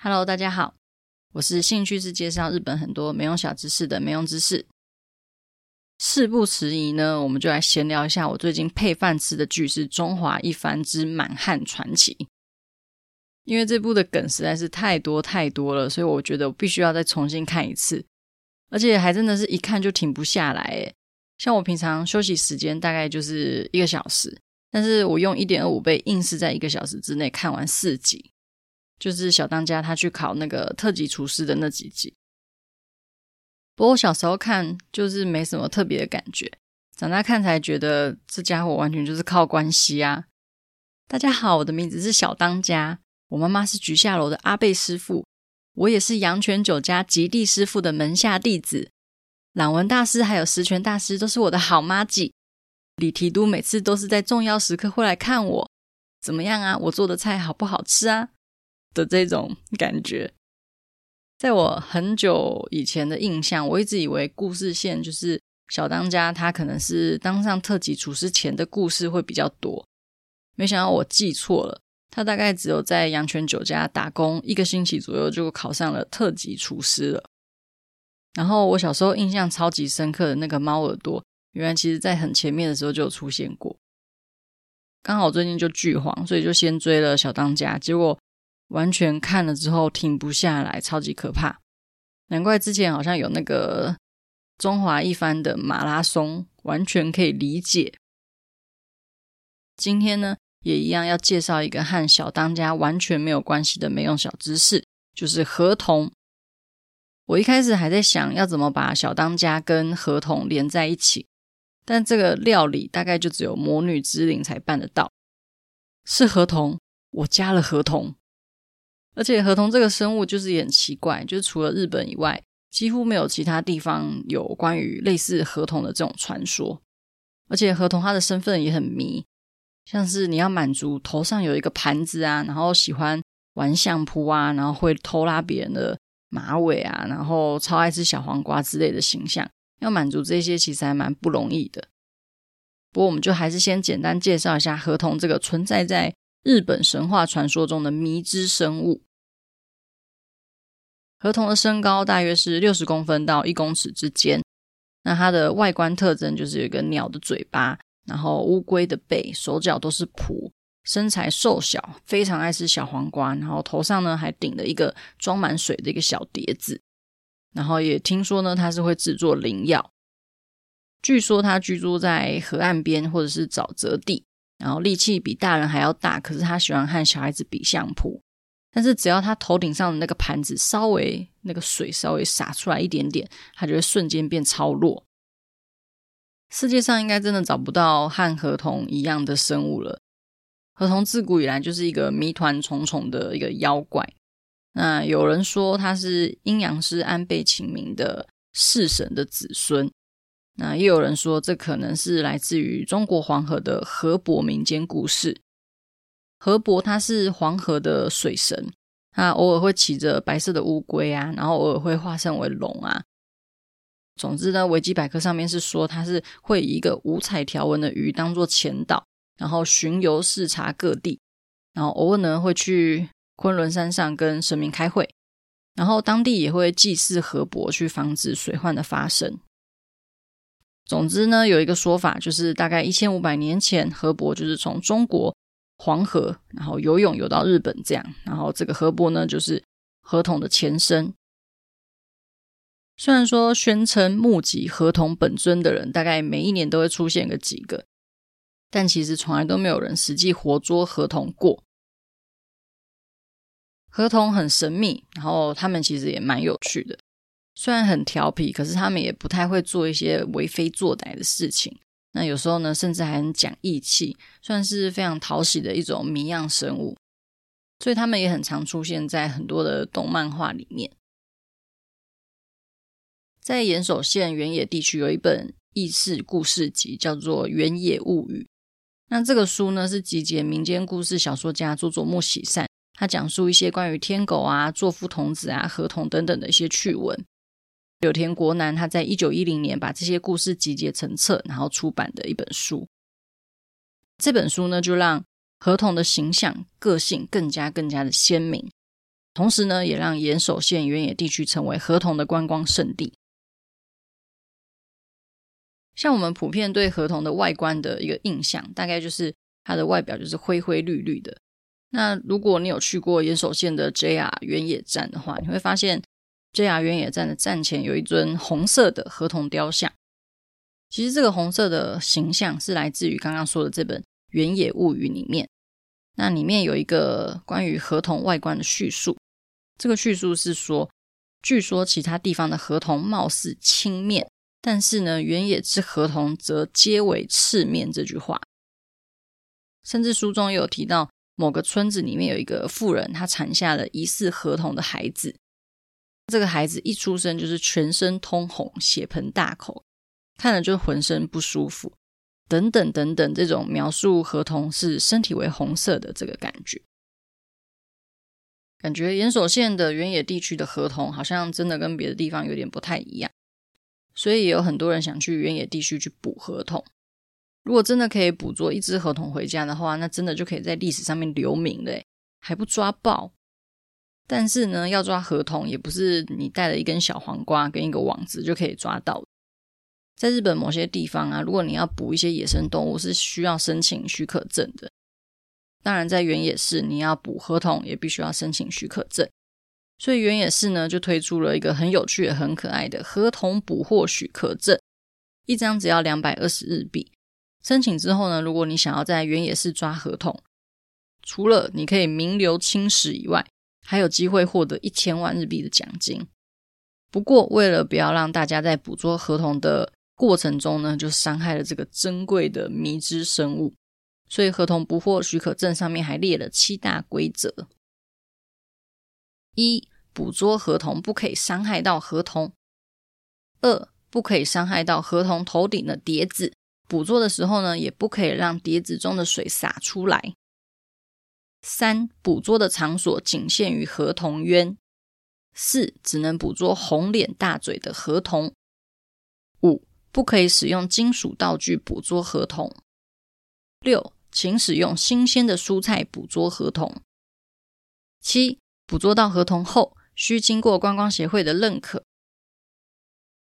Hello，大家好，我是興趣是介紹日本很多沒用小知識的沒用知識。事不遲疑呢，我們就來閒聊一下，我最近配飯吃的劇是《中華一番之滿漢傳奇》，因為這部的梗實在是太多太多了，所以我覺得我必須要再重新看一次，而且還真的是一看就停不下來誒，像我平常休息時間大概就是一個小時，但是我用一點二五倍硬是在一個小時之內看完四集。就是小當家，他去考那個特級廚師的那幾集。不過我小時候看就是沒什麼特別的感覺，長大看才覺得這家伙完全就是靠關係啊！大家好，我的名字是小當家，我媽媽是菊下樓的阿貝師傅，我也是陽泉酒家及第師傅的門下弟子。朗文大師還有十全大師都是我的好麻吉，李提督每次都是在重要時刻會來看我，怎麼樣啊？我做的菜好不好吃啊？的這種感覺，在我很久以前的印象，我一直以為故事線就是小當家，他可能是當上特級廚師前的故事會比較多，沒想到我記錯了，他大概只有在陽泉酒家打工一個星期左右就考上了特級廚師了。然後我小時候印象超級深刻的那個貓耳朵，原來其實在很前面的時候就有出現過，剛好最近就劇荒，所以就先追了小當家，結果。完全看了之後停不下來，超級可怕。難怪之前好像有那個中華一番的馬拉松，完全可以理解。今天呢，也一樣要介紹一個和小當家完全沒有關係的沒用小知識，就是河童。我一開始還在想要怎麼把小當家跟河童連在一起，但這個料理大概就只有魔女之靈才辦得到。是河童，我加了河童。而且河童這個生物就是也很奇怪，就是除了日本以外，幾乎沒有其他地方有關於類似河童的這種傳說。而且河童它的身份也很迷，像是你要滿足頭上有一個盤子啊，然後喜歡玩相撲啊，然後會偷拉別人的馬尾啊，然後超愛吃小黃瓜之類的形象，要滿足這些其實還蠻不容易的。不過我們就還是先簡單介紹一下河童這個存在在日本神話傳說中的迷之生物。河童的身高大約是六十公分到一公尺之間，那它的外觀特徵就是有一個鳥的嘴巴，然後烏龜的背，手腳都是蹼，身材瘦小，非常愛吃小黃瓜，然後頭上呢還頂了一個裝滿水的一個小碟子，然後也聽說呢它是會制作靈藥，據說它居住在河岸邊或者是沼澤地，然後力氣比大人還要大，可是他喜歡和小孩子比相撲。但是只要他頭頂上的那個盤子稍微，那個水稍微灑出來一點點，它就會瞬間變超弱。世界上應該真的找不到和河童一樣的生物了。河童自古以來就是一個謎團重重的一個妖怪。那有人說他是陰陽師安倍晴明的式神的子孫，那又有人說，這可能是來自於中國黃河的河伯民間故事。河伯他是黃河的水神，他偶爾會騎着白色的烏龜啊，然後偶爾會化身為龍啊。總之呢，維基百科上面是說他是會以一個五彩條紋的魚當做前導，然後巡遊視察各地，然後偶爾呢會去崑崙山上跟神明開會，然後當地也會祭祀河伯去防止水患的發生。總之呢，有一個說法就是大概一千五百年前，河伯就是從中國。黃河，然後游泳游到日本這樣，然後這個河伯呢，就是河童的前身。雖然說宣稱目擊河童本尊的人，大概每一年都會出現個幾個，但其實從來都沒有人實際活捉河童過。河童很神秘，然後他們其實也蠻有趣的，雖然很調皮，可是他們也不太會做一些為非作歹的事情。那有時候呢，甚至還很講義氣，算是非常討喜的一種謎樣生物，所以他們也很常出現在很多的動漫畫裡面。在岩手縣遠野地區有一本意識故事集，叫做《遠野物語》。那這個書呢，是集結民間故事小說家佐佐木喜善，他講述一些關於天狗啊、座敷童子啊、河童等等的一些趣聞。柳田國男他在一九一零年把這些故事集結成冊，然後出版的一本書。這本書呢，就讓河童的形象、個性更加更加的鮮明，同時呢，也讓岩手縣遠野地區成為河童的觀光勝地。像我們普遍對河童的外觀的一個印象，大概就是它的外表就是灰灰綠綠的。那如果你有去過岩手縣的 JR 遠野站的話，你會發現。JR 遠野站的站前有一尊紅色的河童雕像。其實，這個紅色的形象是來自於剛剛說的這本《遠野物語》裡面。那裡面有一個關於河童外觀的敘述。這個敘述是說：“據說其他地方的河童貌似青面，但是呢，遠野之河童則皆為赤面。”這句話，甚至書中也有提到，某個村子裡面有一個婦人，她產下了疑似河童的孩子。這個孩子一出生就是全身通紅，血盆大口，看了就渾身不舒服，等等等等，這種描述河童是身體為紅色的這個感覺，感覺岩手縣的遠野地區的河童好像真的跟別的地方有點不太一樣，所以也有很多人想去遠野地區去捕河童。如果真的可以捕捉一隻河童回家的話，那真的就可以在歷史上面留名了，還不抓爆！但是呢，要抓河童也不是你帶了一根小黃瓜跟一個網子就可以抓到的。在日本某些地方啊，如果你要捕一些野生動物，是需要申請許可證的。當然，在遠野市你要捕河童，也必須要申請許可證，所以遠野市呢就推出了一個很有趣、很可愛的河童捕獲許可證，一張只要兩百二十日幣。申請之後呢，如果你想要在遠野市抓河童，除了你可以名留青史以外，還有機會獲得一千萬日幣的獎金。不過，為了不要讓大家在捕捉河童的過程中呢，就傷害了這個珍貴的謎之生物，所以河童捕獲許可證上面還列了七大規則：一、捕捉河童不可以傷害到河童；二、不可以傷害到河童頭頂的碟子；捕捉的時候呢，也不可以讓碟子中的水灑出來。三、捕捉的場所僅限於河童淵。四、只能捕捉紅臉大嘴的河童。五、不可以使用金屬道具捕捉河童。六、請使用新鮮的蔬菜捕捉河童。七、捕捉到河童後，需經過觀光協會的認可。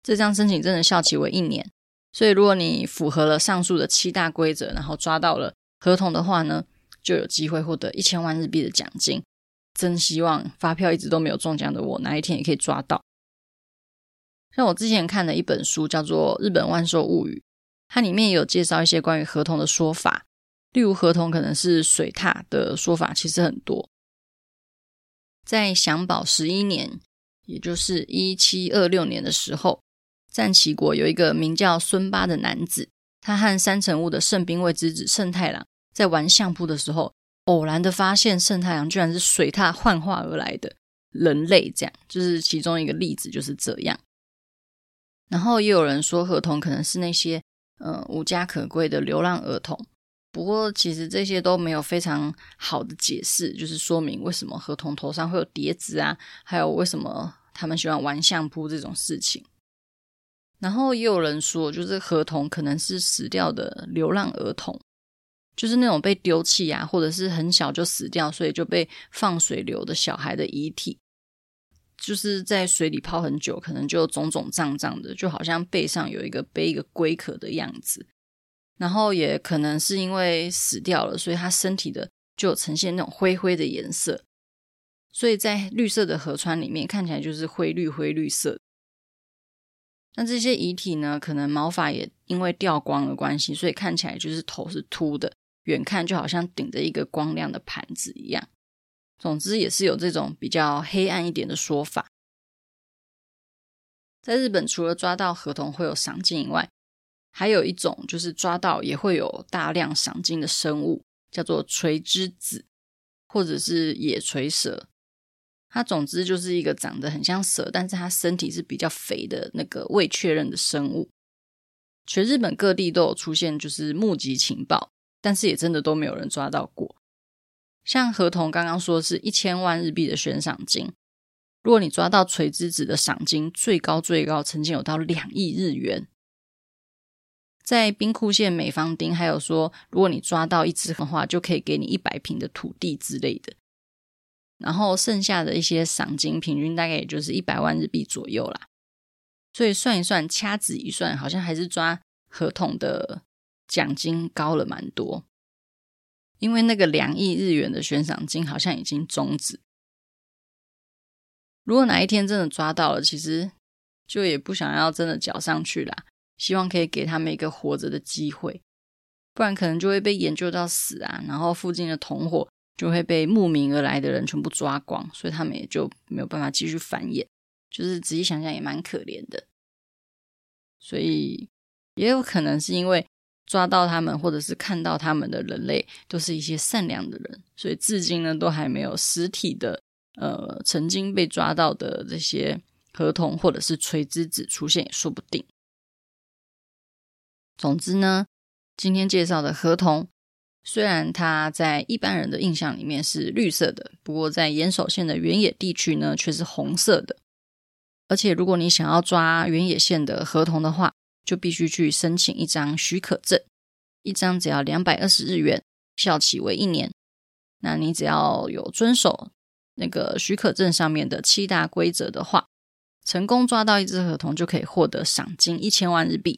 這張申請證的效期為一年，所以如果你符合了上述的七大規則，然後抓到了河童的話呢，就有機會獲得一千萬日幣的獎金，真希望發票一直都沒有中獎的我，哪一天也可以抓到。像我之前看的一本書叫做《日本萬壽物語》，它裡面也有介紹一些關於河童的說法，例如河童可能是水獺的說法，其實很多。在享保十一年，也就是一七二六年的時候，讚岐國有一個名叫孫八的男子，他和三成物的聖兵衛之子聖太郎。在玩相撲的時候，偶然的發現聖太陽居然是水獺幻化而來的人類，這樣就是其中一個例子，就是這樣。然後也有人說，河童可能是那些呃無家可歸的流浪兒童。不過其實這些都沒有非常好的解釋，就是說明為什麼河童頭上會有碟子啊，還有為什麼他們喜歡玩相撲這種事情。然後也有人說，就是河童可能是死掉的流浪兒童。就是那種被丟棄啊，或者是很小就死掉，所以就被放水流的小孩的遺體，就是在水裡泡很久，可能就腫腫脹脹的，就好像背上有一個背一個龜殼的樣子。然後也可能是因為死掉了，所以它身體的就呈現那種灰灰的顏色，所以在綠色的河川裡面看起來就是灰綠灰綠色。那這些遺體呢，可能毛髮也因為掉光的關係，所以看起來就是頭是禿的。遠看就好像頂着一個光亮的盤子一樣，總之也是有這種比較黑暗一點的說法。在日本，除了抓到河童會有賞金以外，還有一種就是抓到也會有大量賞金的生物，叫做槌之子或者是野槌蛇。它總之就是一個長得很像蛇，但是它身體是比較肥的那個未確認的生物。全日本各地都有出現，就是目擊情報。但是也真的都沒有人抓到過。像河童剛剛說的是一千萬日幣的懸賞金，如果你抓到槌之子的賞金，最高最高曾經有到兩億日元。在兵庫縣美方町，還有說，如果你抓到一隻的話，就可以給你一百坪的土地之類的。然後剩下的一些賞金，平均大概也就是一百萬日幣左右啦。所以算一算，掐指一算，好像還是抓河童的。獎金高了蠻多，因為那個兩億日元的懸賞金好像已經終止。如果哪一天真的抓到了，其實就也不想要真的繳上去啦。希望可以給他們一個活着的機會，不然可能就會被研究到死啊。然後附近的同夥就會被慕名而來的人全部抓光，所以他們也就沒有辦法繼續繁衍。就是仔細想想也蠻可憐的，所以也有可能是因為。抓到他們，或者是看到他們的人類，都是一些善良的人，所以至今呢，都還沒有實體的，呃，曾經被抓到的這些河童或者是垂直子出現也說不定。總之呢，今天介紹的河童，雖然它在一般人的印象裡面是綠色的，不過在岩手縣的遠野地區呢，卻是紅色的。而且，如果你想要抓遠野縣的河童的話，就必須去申請一張許可證，一張只要兩百二十日元，效期為一年。那你只要有遵守那個許可證上面的七大規則的話，成功抓到一隻河童就可以獲得賞金一千萬日幣。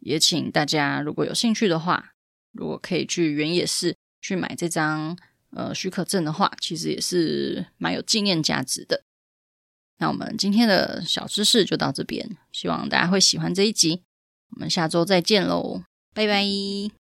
也請大家如果有興趣的話，如果可以去遠野市去買這張呃許可證的話，其實也是蠻有紀念價值的。那我們今天的小知識就到這邊，希望大家會喜歡這一集，我們下周再見嘍，拜拜。